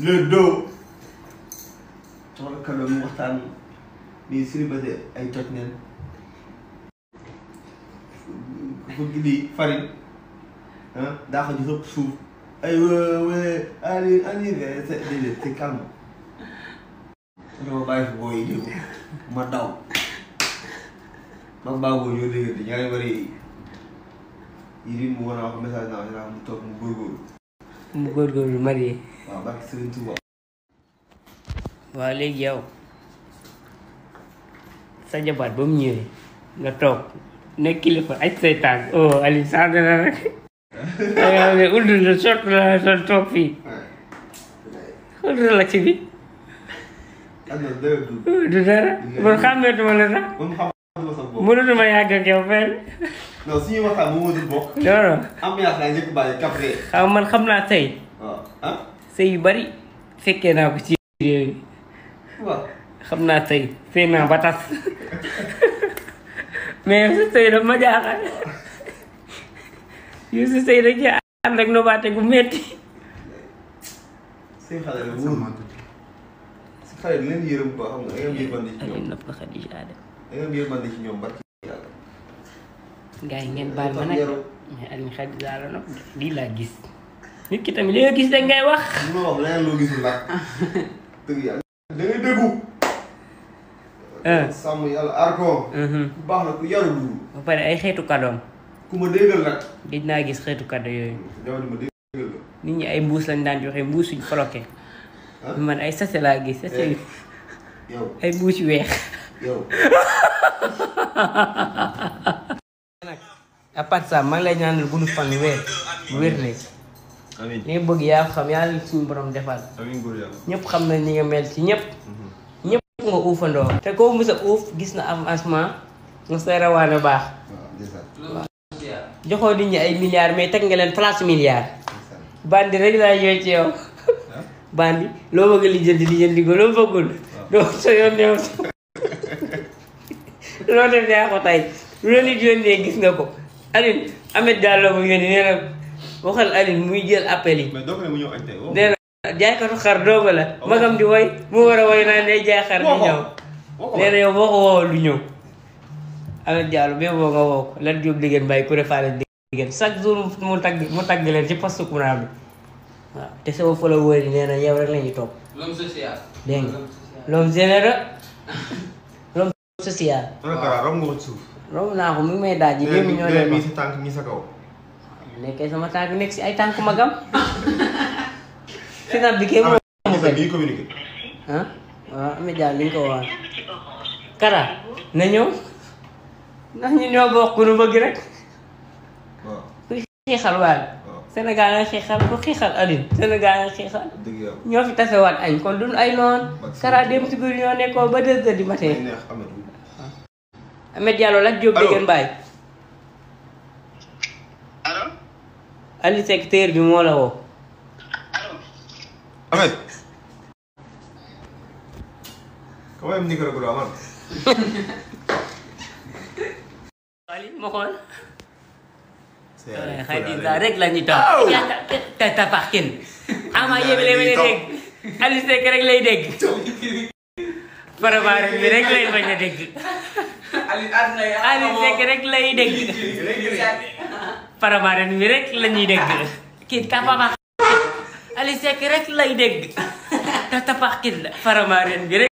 le dos tabarkalla mu waxtaan mais célibataire ay toj neen bëgg di farine ah daa ko jox suuf ay wéy allez allez déedéet te calme dama bàyyi fi booy yi dégg ma daw mag baa booy ñoo dégg ñaari bari yi mu war a wax message naa mu toog mu góorgóorlu mu góorgóorlu marié barke Sëriñ sa jabaat ba mu ñëwee nga toog nekk kilifa aj say tànk oh Aliou Sarr la rek nga ne udd la doon toog fii xool relax bi du dara man la sax mënatuma yàgg ak yow fenn non suñuy waxtaan moo mënul bokk non non ambiance laa man xam naa tey ah, ah? sëy yu bari fekkee naa ko ci réew yi xam naa sëy sëy naa ba tas mais su sëy daf ma jaaxal yu si sëy da ci ànd ak nobaate metti sëy xale la wóor si xale bi leen ba xam nga ngeen baal la nag lii laa gis Ini kita milih lagi sedang kayak wah. Lu gak boleh lugis bentar. Tuh ya. Dengan debu. Eh. Samuel Argo. Mhm. Baax iya, eh, na ku yaru du. Ba pare ay xeetu kadoom. Ku ma déggal nag. Gëj itu kadang. xeetu kado yooyu. Jaw di ma déggal la. Nit ñi ay mbuus lañ daan joxe mbuus suñ bloqué. Man ay sase laa gis sase. Yow. Ay mbuus yu weex. Yow. Nag amiin li nga bëgg yaa xam yàlla suñu borom defal. amiin góor yàlla xam nañ ni nga mel ci ñëpp. Mhm. ñëpp nga uufandoo. te koo mës a uuf gis na avancement nga sa rawaane baax. waaw joxoo nit ñi ay milliards mais teg nga leen place milliards. bandi rek laa yooyu ci yow. bandi loo bëgg li jënd ko loo bëggul. doo sa yoon yow. loo def yaa ko tey lu la nit yónnee gis nga ko Alioune Ameth Diallo mu yónnee nee na. waxal Aline muy jël appel yi. mais mu ñëw añ tey oh. nee na jaaykatu xar doogu la. Oh. magam di woy mu war a woy naan day jaay xar. di ñëw nee yow boo ko woowoo du ñëw. Ahmed Diallo bee boo nga woo ko chaque jour mu tagg mu tagg leen ci poste ku naan bi waaw te sama follower yi nee yow rek la ñuy topp. l'homme social. dégg nga romb naa ko mi may daaj. léegi léegi mi sa tànk mi sa kaw. nekkee sama tànk nekk ci ay tànk magam. Sinaab bi kay moo. ah bi communiqué. ah waaw li ñu ko waxal. Kara na ñëw ndax ñu ñoo bokk nu bëgg rek. kuy xiixal waale. Sénégal nga xiixal ku xiixal Aline. Sénégal nga xiixal. ñoo fi tasewaat añ kon duñu ay noon Kara dem si biir ñoo nekkoo ba deux heures du matin. Ahmed Diallo la Diop Dégane قال لي كتير جمهور اهو احمد هو يمني كره كره عمر علي مخول خلي دارك لاني تا تا باكين اما يبلي بلي ديك علي سكرك لي ديك Para-para, direct lay banyak deg. Alit-alit lay. Alit-alit lay deg paramaran mirek lenideg kita papa Alicia kirek laideg tatapakin paramaran mirek